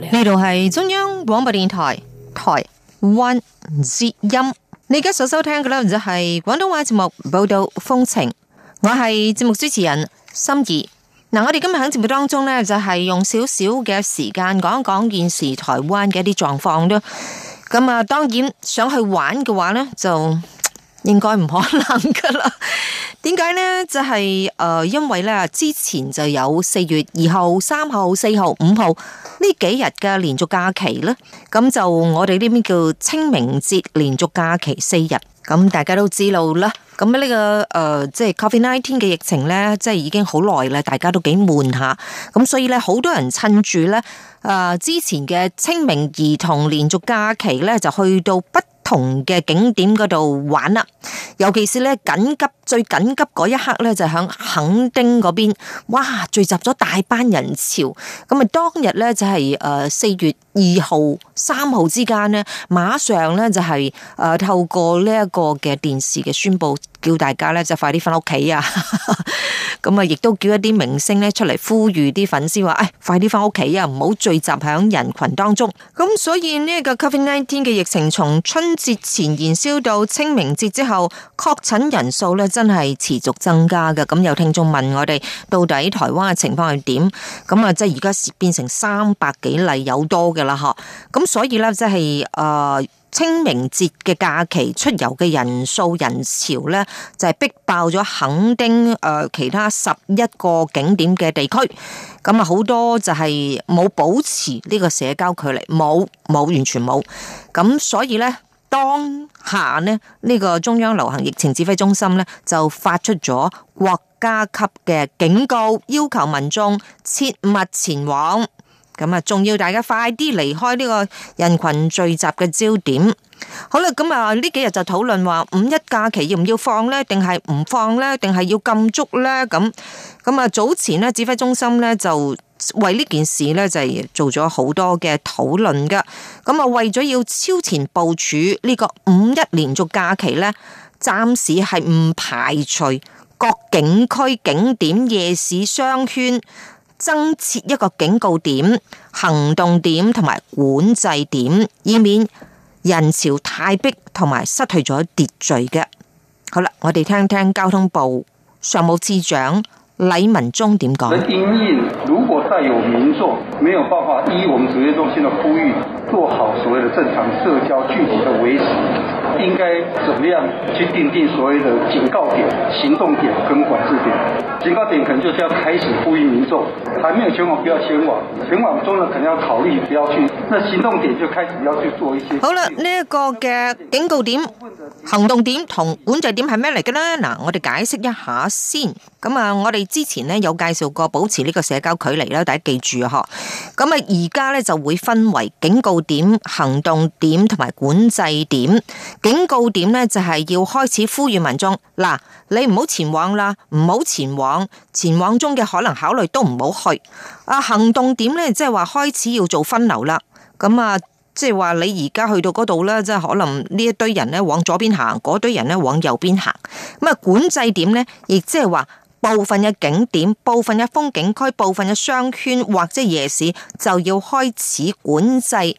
呢度係中央廣播電台台灣之音，你而家所收聽嘅咧就係廣東話節目報道風情，我係節目主持人心儀。嗱，我哋今日喺節目當中咧就係用少少嘅時間講講現時台灣嘅一啲狀況咯。咁啊，當然想去玩嘅話咧就應該唔可能噶啦。點解呢？就係誒，因為咧之前就有四月二號、三號、四號、五號呢幾日嘅連續假期咧。咁就我哋呢邊叫清明節連續假期四日。咁大家都知道啦。咁呢個誒，即係 Covid nineteen 嘅疫情咧，即係已經好耐啦。大家都幾悶下。咁所以咧，好多人趁住咧誒之前嘅清明兒童連續假期咧，就去到不。同嘅景點嗰度玩啦，尤其是咧緊急最緊急嗰一刻咧，就響、是、墾丁嗰邊，哇聚集咗大班人潮，咁啊當日咧就係誒四月二號、三號之間咧，馬上咧就係、是、誒透過呢一個嘅電視嘅宣布。叫大家咧，就快啲返屋企啊！咁啊，亦都叫一啲明星咧出嚟呼籲啲粉絲話：，誒，快啲返屋企啊，唔好聚集響人群當中。咁所以呢個 Covid nineteen 嘅疫情從春節前燃燒到清明節之後，確診人數咧真係持續增加嘅。咁有聽眾問我哋，到底台灣嘅情況係點？咁啊，即係而家變成三百幾例有多嘅啦，嗬。咁所以呢，即係誒。清明節嘅假期出遊嘅人數人潮、呢，就係逼爆咗墾丁，誒，其他十一個景點嘅地區，咁啊好多就係冇保持呢個社交距離，冇冇，完全冇，咁所以呢，當下呢，呢個中央流行疫情指揮中心呢，就發出咗國家級嘅警告，要求民眾切勿前往。咁啊，仲要大家快啲離開呢個人群聚集嘅焦點。好啦，咁啊呢幾日就討論話五一假期要唔要放呢？定係唔放呢？定係要禁足呢？咁咁啊，早前呢，指揮中心呢，就為呢件事呢，就係做咗好多嘅討論噶。咁啊為咗要超前部署呢個五一連續假期呢，暫時係唔排除各景區景點夜市商圈。增設一個警告點、行動點同埋管制點，以免人潮太逼同埋失去咗秩序嘅。好啦，我哋聽聽交通部常務次長李文忠點講。做好所謂的正常社交距離的維持，應該怎麼樣去定定所謂的警告點、行動點跟管制點？警告點可能就是要開始呼籲民眾，還沒有前往不要前往，前往中呢可能要考慮不要去。那行動點就開始要去做一些。好啦，呢、這、一個嘅警告點、行動點同管制點係咩嚟嘅呢？嗱，我哋解釋一下先。咁啊，我哋之前呢，有介紹過保持呢個社交距離啦，大家記住嗬，咁啊，而家呢，就會分為警告點。點、行動點同埋管制點。警告點呢就係要開始呼籲民眾嗱，你唔好前往啦，唔好前往，前往中嘅，可能考慮都唔好去。啊，行動點呢，即係話開始要做分流啦。咁啊，即係話你而家去到嗰度呢，即係可能呢一堆人呢往左邊行，嗰堆人呢往右邊行。咁啊，管制點呢，亦即係話部分嘅景點、部分嘅風景區、部分嘅商圈，或者夜市就要開始管制。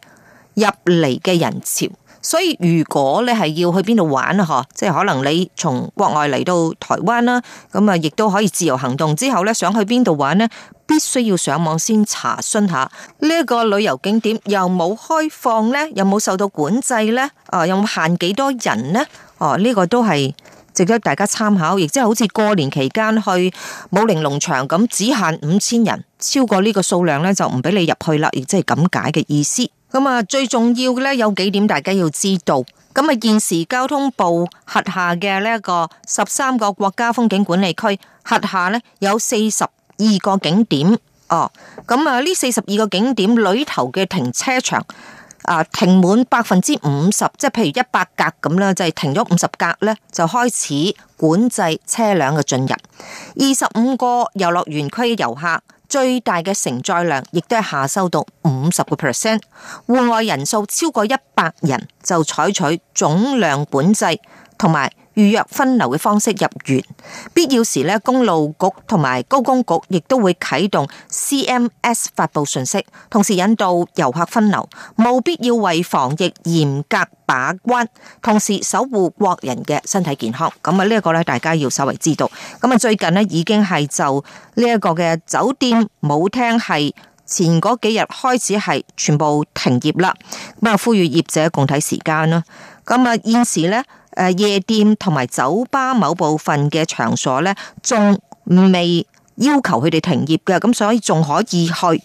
入嚟嘅人潮，所以如果你係要去邊度玩嗬，即係可能你從國外嚟到台灣啦，咁啊，亦都可以自由行動之後呢，想去邊度玩呢，必須要上網先查詢下呢一個旅遊景點又冇開放呢，有冇受到管制呢，啊，有冇限幾多人呢。哦，呢個都係值得大家參考，亦即係好似過年期間去武陵農場咁，只限五千人，超過呢個數量呢，就唔俾你入去啦，亦即係咁解嘅意思。咁啊，最重要嘅咧有幾點大家要知道。咁啊，現時交通部轄下嘅呢一個十三個國家風景管理區，轄下咧有四十二個景點。哦，咁啊，呢四十二個景點裏頭嘅停車場啊，停滿百分之五十，即係譬如一百格咁啦，就係停咗五十格咧，就開始管制車輛嘅進入。二十五個遊樂園區嘅遊客最大嘅承載量亦都係下收到五十個 percent，戶外人數超過一百人，就採取總量管制，同埋，預約分流嘅方式入園，必要時咧，公路局同埋高公局亦都會啟動 CMS 發布信息，同時引導遊客分流，務必要為防疫嚴格把關，同時守護國人嘅身體健康。咁啊，呢一個咧，大家要稍微知道。咁啊，最近咧已經係就呢一個嘅酒店舞廳係前嗰幾日開始係全部停業啦。咁啊，呼籲業者共體時艱啦。咁啊，現時呢。誒，夜店同埋酒吧某部分嘅場所咧，仲未要求佢哋停業嘅，咁所以仲可以去。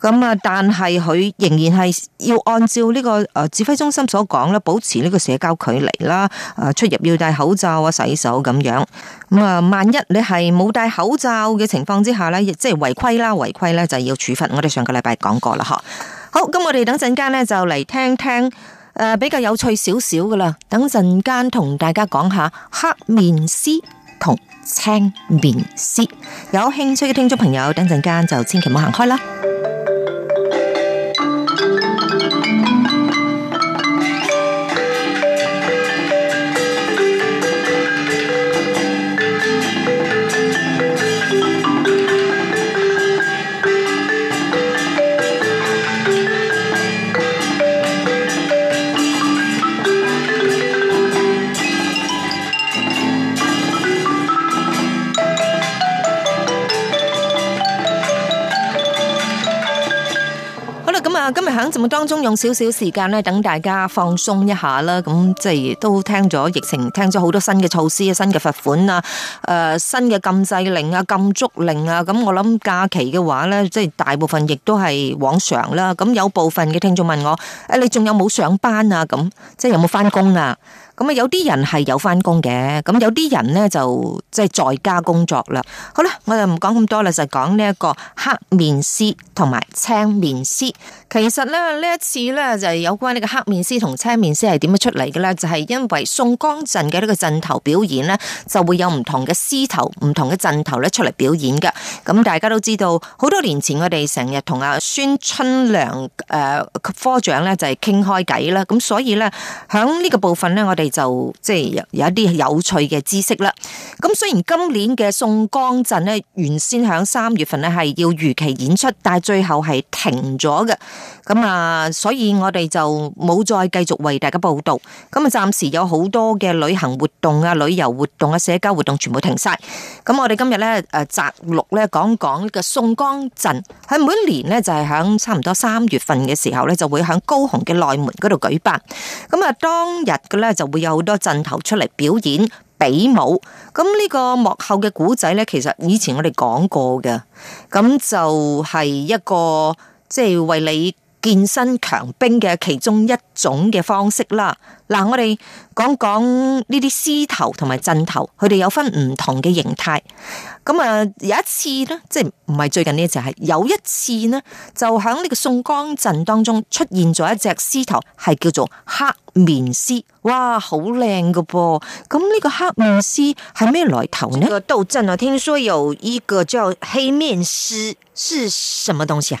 咁啊，但係佢仍然係要按照呢個誒指揮中心所講咧，保持呢個社交距離啦。誒，出入要戴口罩啊，洗手咁樣。咁啊，萬一你係冇戴口罩嘅情況之下咧，亦即係違規啦，違規咧就要處罰。我哋上個禮拜講過啦，嗬。好，咁我哋等陣間咧就嚟聽聽。比較有趣少少㗎喇，等陣間同大家講下黑面獅同青面獅，有興趣嘅聽眾朋友，等陣間就千祈唔好行開啦。今日喺節目當中用少少時間咧，等大家放鬆一下啦。咁即係都聽咗疫情，聽咗好多新嘅措施、新嘅罰款啊，誒，新嘅禁制令啊、禁足令啊。咁我諗假期嘅話咧，即係大部分亦都係往常啦。咁有部分嘅聽眾問我：誒，你仲有冇上班啊？咁即係有冇返工啊？咁啊，有啲人係有翻工嘅，咁有啲人咧就即係在家工作啦。好啦，我就唔講咁多啦，就講呢一個黑面獅同埋青面獅。其實咧呢一次咧就係有關呢個黑面獅同青面獅係點樣出嚟嘅咧，就係、是、因為宋江陣嘅呢個陣頭表演咧，就會有唔同嘅獅頭、唔同嘅陣頭咧出嚟表演嘅。咁大家都知道，好多年前我哋成日同阿孫春良誒、呃、科長咧就係傾開偈啦。咁所以咧響呢個部分咧，我哋。就即係有一啲有趣嘅知識啦。咁雖然今年嘅宋江陣咧，原先響三月份咧係要如期演出，但係最後係停咗嘅。咁啊，所以我哋就冇再繼續為大家報道。咁啊，暫時有好多嘅旅行活動啊、旅遊活動啊、社交活動全部停晒。咁我哋今日咧誒摘錄咧講講個宋江陣，喺每年咧就係響差唔多三月份嘅時候咧，就會響高雄嘅內門嗰度舉辦。咁啊，當日嘅咧就會。有好多陣頭出嚟表演比武，咁呢個幕後嘅古仔呢，其實以前我哋講過嘅，咁就係一個即係、就是、為你。健身強兵嘅其中一種嘅方式啦，嗱，我哋講講呢啲獅頭同埋陣頭，佢哋有分唔同嘅形態。咁啊，有一次呢，即係唔係最近呢一隻，係有一次呢，就喺呢個宋江陣當中出現咗一隻獅頭，係叫做黑面獅，哇，好靚㗎噃！咁呢個黑面獅係咩來頭呢？呢個鬥陣啊。我聽說有呢個叫黑面獅是什麼東西啊？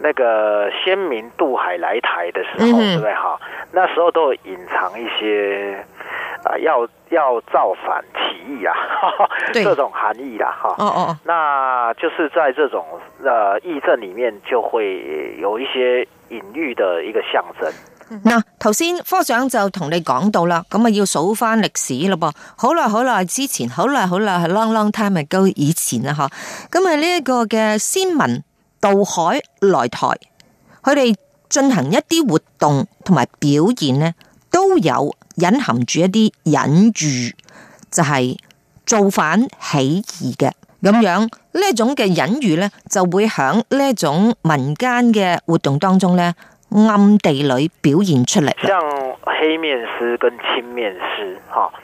那個先民渡海來台的時候，嗯、對不對？哈，那時候都隱藏一些，啊、呃，要要造反起義啊， 這種含義啦，哈。哦哦，那就是在這種，呃，義陣裏面就會有一些隱喻的一個象徵。嗱、嗯，頭先科長就同你講到啦，咁啊要數翻歷史咯噃，好耐好耐之前，好耐好耐係 long long time ago 以前啦，哈。咁啊呢一個嘅先民。渡海來台，佢哋進行一啲活動同埋表現呢，都有隱含住一啲隱喻，就係、是、造反起義嘅咁樣。呢一種嘅隱喻呢，就會響呢一種民間嘅活動當中呢。暗地裏表現出嚟，像黑面獅跟青面獅，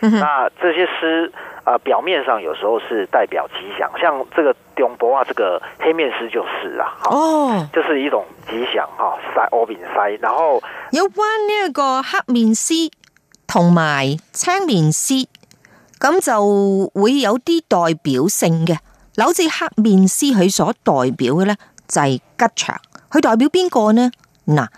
嗯、那這些獅啊，呃，表面上有時候是代表吉祥，像這個中博啊，這個黑面獅就是啊哦，就是一種吉祥，哦，塞歐餅塞，然後有關呢一個黑面獅同埋青面獅咁就會有啲代表性嘅。好似黑面獅佢所代表嘅咧，就係、是、吉祥，佢代表邊個呢？嗱、嗯，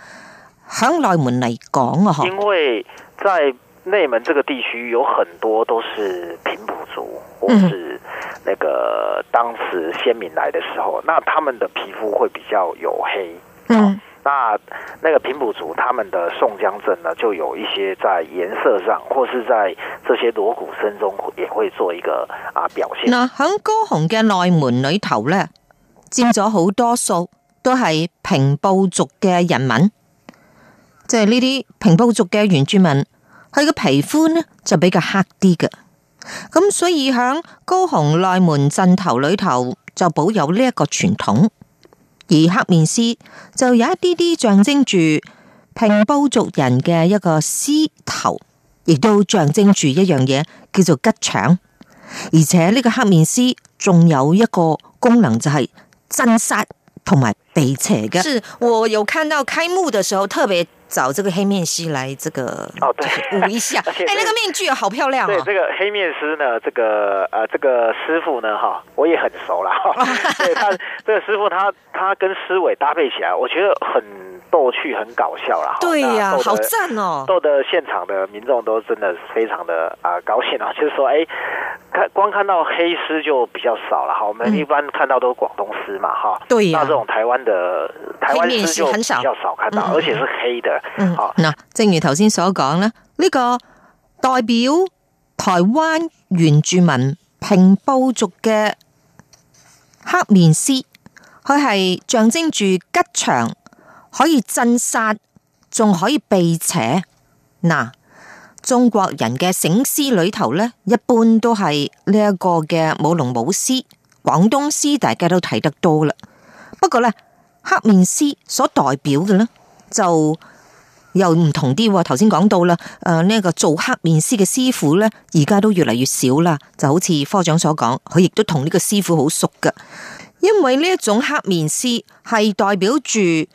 響內門嚟講啊，因為在內門這個地區，有很多都是平埔族，或是那個當時先民來的時候，那他們的皮膚會比較有黑。嗯、啊、那那個平埔族他們的宋江陣呢，就有一些在顏色上，或是在這些鑼鼓聲中，也會做一個啊表現。嗯、那響高雄嘅內門裏頭呢，佔咗好多數。都係平埔族嘅人民，即係呢啲平埔族嘅原住民，佢嘅皮膚呢就比較黑啲嘅。咁所以喺高雄內門陣頭裏頭就保有呢一個傳統。而黑面獅就有一啲啲象徵住平埔族人嘅一個獅頭，亦都象徵住一樣嘢叫做吉祥。而且呢個黑面獅仲有一個功能就係鎮剎。同埋悲切，是我有看到開幕的時候，特別找這個黑面獅來這個哦，對，就是、舞一下，哎、 欸，那個面具好漂亮啊、哦！對，這個黑面獅呢，這個呃，這個師傅呢，哈，我也很熟了， 對他，這個師傅他他跟思偉搭配起來，我覺得很逗趣，很搞笑啦，對呀，好讚哦，逗得現場的民眾都真的非常的啊、呃、高興啊，就是說，哎、欸。光看到黑獅就比較少了，我們一般看到都廣東獅嘛，哈、嗯，那這種台灣的台灣獅就比較少看到，而且是黑的。嗯嗯、正如頭先所講呢，呢、這個代表台灣原住民平埔族嘅黑面獅，佢係象徵住吉祥，可以鎮煞，仲可以避邪。嗱、嗯。中國人嘅醒獅裏頭呢，一般都係呢一個嘅舞龍舞獅。廣東獅大家都睇得多啦。不過呢，黑面獅所代表嘅呢，就又唔同啲。頭先講到啦，誒呢一個做黑面獅嘅師傅呢，而家都越嚟越少啦。就好似科長所講，佢亦都同呢個師傅好熟㗎，因為呢一種黑面獅係代表住誒。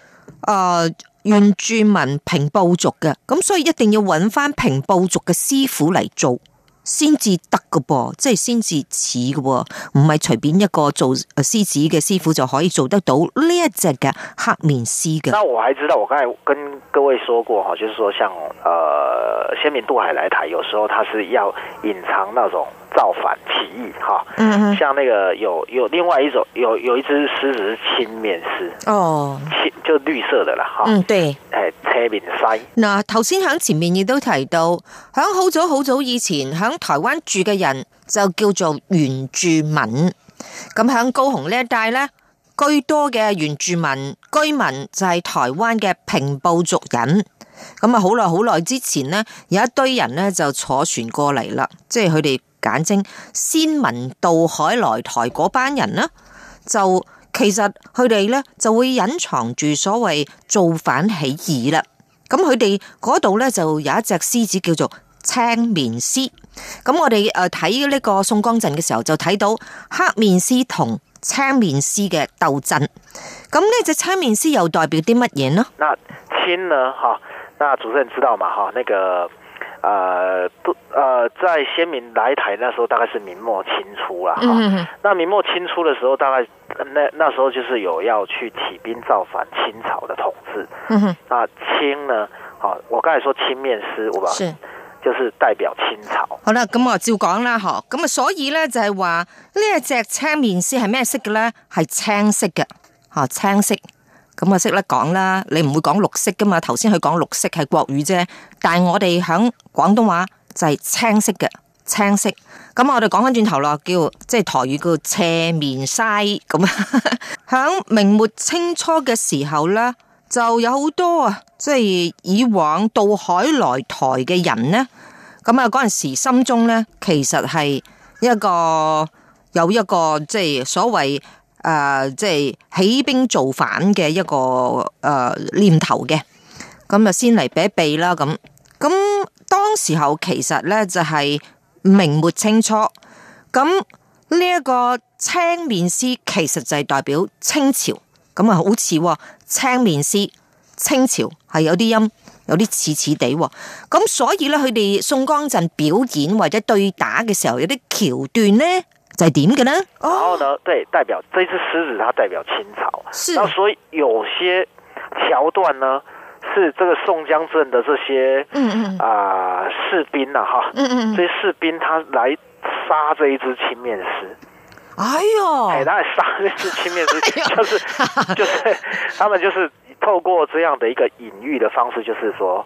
呃原住民平埔族嘅，咁所以一定要揾翻平埔族嘅師傅嚟做，先至得噶噃，即係先至似噶，唔係隨便一個做獅子嘅師傅就可以做得到呢一隻嘅黑面獅嘅。那我還知道，我剛才跟各位說過就是說像，像、呃、誒，先民渡海來台，有時候他是要隱藏那種。造反起義，吓，嗯嗯，像那個有有另外一種有有一隻獅子是青面獅哦，青就綠色的啦，吓，嗯，對，誒、欸，青面獅嗱，頭先響前面亦都提到，響好早好早以前響台灣住嘅人就叫做原住民。咁響高雄一呢一帶咧居多嘅原住民居民就係台灣嘅平埔族人。咁啊，好耐好耐之前咧有一堆人咧就坐船過嚟啦，即係佢哋。簡稱先民渡海來台嗰班人呢，就其實佢哋呢就會隱藏住所謂造反起義啦。咁佢哋嗰度呢，就有一隻獅子叫做青面獅。咁我哋誒睇呢個宋江陣嘅時候就睇到黑面獅同青面獅嘅鬥爭。咁呢隻青面獅又代表啲乜嘢呢？嗱，錢呢？哈、啊，那主持人知道嘛？吓？呢個。誒、呃，都誒、呃，在先民來台那時候，大概是明末清初啦。嗯、那明末清初的時候，大概，那那時候就是有要去起兵造反清朝的統治。嗯、那清呢，好，我剛才說青面獅我，是，把就是代表清朝。嗯、好啦，咁我照講啦，咁啊，所以咧就係話呢一隻青面獅係咩色嘅咧？係青色嘅，吓、哦、青色。咁啊，識得講啦，你唔會講綠色噶嘛？頭先佢講綠色係國語啫，但係我哋響廣東話就係青色嘅，青色。咁我哋講翻轉頭啦叫即係、就是、台語叫青面獅。咁啊。響 明末清初嘅時候咧，就有好多啊，即、就、係、是、以往渡海來台嘅人呢。咁啊，嗰陣時心中咧，其實係一個有一個即係、就是、所謂。誒、呃，即、就、係、是、起兵造反嘅一個誒、呃、念頭嘅，咁就先嚟避一避啦。咁咁當時候其實咧就係、是、明末清初，咁呢一個青面獅其實就係代表清朝，咁啊好似青面獅清朝係有啲音有啲似似地，咁所以咧佢哋宋江陣表演或者對打嘅時候有啲橋段咧。在點的呢？然後呢？對，代表這隻獅子，它代表清朝。是。那所以有些橋段呢，是這個宋江陣的這些嗯嗯啊士兵呐，哈嗯嗯，這、呃、些士、啊嗯嗯嗯、士兵他來殺這一隻青面獅。哎呦！哎、欸，他來殺這隻青面獅、哎，就是就是他們就是透過這樣的一個隱喻的方式，就是說。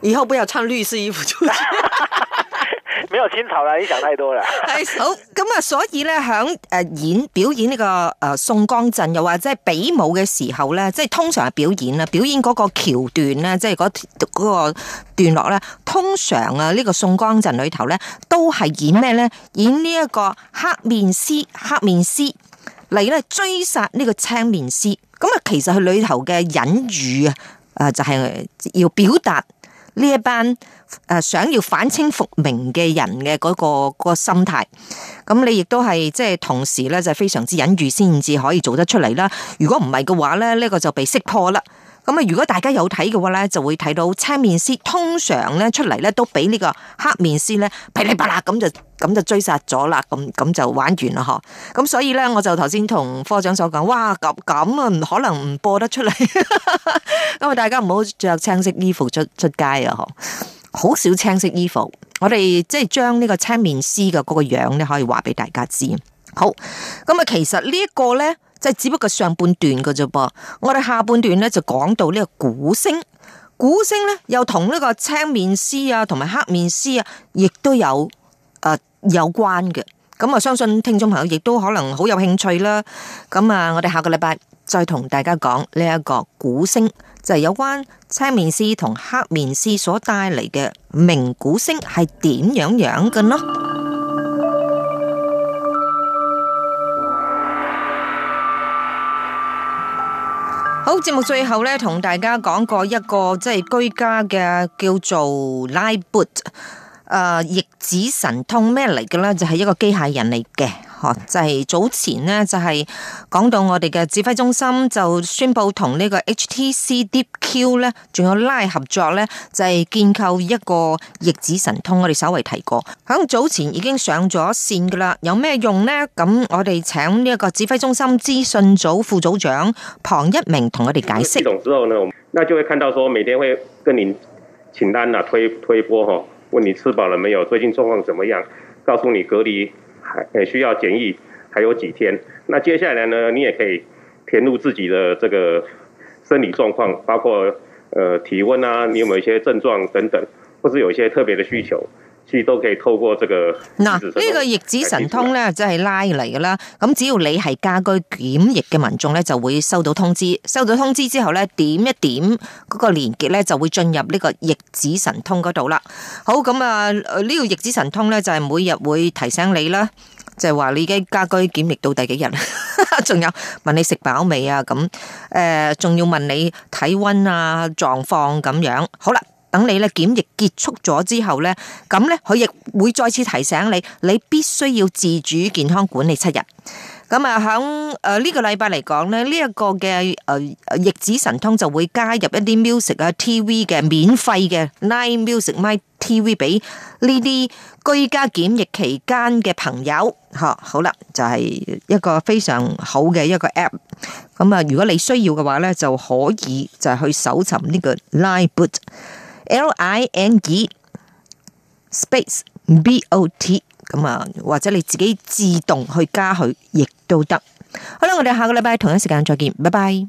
以後不要穿綠色衣服出去，沒有青草啦！你想太多了。係 好咁啊，所以咧響誒演表演呢個誒宋江陣，又或者係比武嘅時候咧，即係通常係表演啊，表演嗰、這個橋段咧，即係嗰嗰個段落咧，通常啊呢個宋江陣裏頭咧，都係演咩咧？演呢一個黑面獅，黑面獅嚟咧追殺呢個青面獅。咁啊，其實佢裏頭嘅隱喻啊，誒就係要表達。呢一班誒想要反清復明嘅人嘅嗰、嗰個、嗰個心態，咁你亦都係即係同時咧，就係非常之隱喻先至可以做得出嚟啦。如果唔係嘅話咧，呢、這個就被識破啦。咁啊！如果大家有睇嘅話咧，就會睇到青面獅，通常咧出嚟咧都俾呢個黑面獅咧噼里啪啦咁就咁就追殺咗啦，咁咁就玩完啦嗬。咁所以咧，我就頭先同科長所講，哇咁咁啊，唔可能唔播得出嚟，因 為大家唔好着青色衣服出出街啊！嗬，好少青色衣服。我哋即係將呢個青面獅嘅嗰個樣咧，可以話俾大家知。好，咁啊，其實呢一個咧。即係只不過上半段嘅啫噃，我哋下半段咧就講到呢個鼓聲，鼓聲咧又同呢個青面獅啊，同埋黑面獅啊，亦都有誒、呃、有關嘅。咁我相信聽眾朋友亦都可能好有興趣啦。咁啊，我哋下個禮拜再同大家講呢一個鼓聲，就係、是、有關青面獅同黑面獅所帶嚟嘅鳴鼓聲係點樣樣嘅呢？好，節目最後咧，同大家講過一個即係居家嘅叫做拉 boot、呃，誒，逆子神通咩嚟嘅咧，就係、是、一個機械人嚟嘅。哦、oh，就係早前咧，就係講到我哋嘅指揮中心就宣布同呢個 HTC Deep Q 咧，仲有拉合作咧，就係、是、建構一個逆子神通。我哋稍微提過，響早前已經上咗線噶啦，有咩用呢？咁我哋請呢一個指揮中心資訊組副組長龐一鳴同我哋解釋。種之後呢，我們那就會看到說，每天會跟你請單推推波，問你吃飽了沒有，最近狀況怎麼樣，告訴你隔離。也需要檢疫，還有幾天。那接下來呢，你也可以填入自己的這個生理狀況，包括呃體溫啊，你有沒有一些症狀等等，或是有一些特別的需求。似都可以透過這個嗱，呢個逆子神通呢，即係拉嚟嘅啦。咁只要你係家居檢疫嘅民眾呢，就會收到通知。收到通知之後呢，點一點嗰個連結，呢，就會進入呢個逆子神通嗰度啦。好咁啊，呢個逆子神通呢，就係每日會提醒你啦，就係話你嘅家居檢疫到第幾日，仲有問你食飽未啊？咁誒，仲要問你體溫啊、狀況咁樣。好啦。等你咧檢疫結束咗之後咧，咁咧佢亦會再次提醒你，你必須要自主健康管理七日。咁啊，響誒呢個禮拜嚟講咧，呢一個嘅誒逆子神通就會加入一啲 music 啊、TV 嘅免費嘅 live music My TV 俾呢啲居家檢疫期間嘅朋友。嚇，好啦，就係、是、一個非常好嘅一個 app。咁啊，如果你需要嘅話咧，就可以就係去搜尋呢個 live boot。L I N G -E, space B O T 咁啊，或者你自己自動去加佢，亦都得。好啦，我哋下個禮拜同一時間再見，拜拜。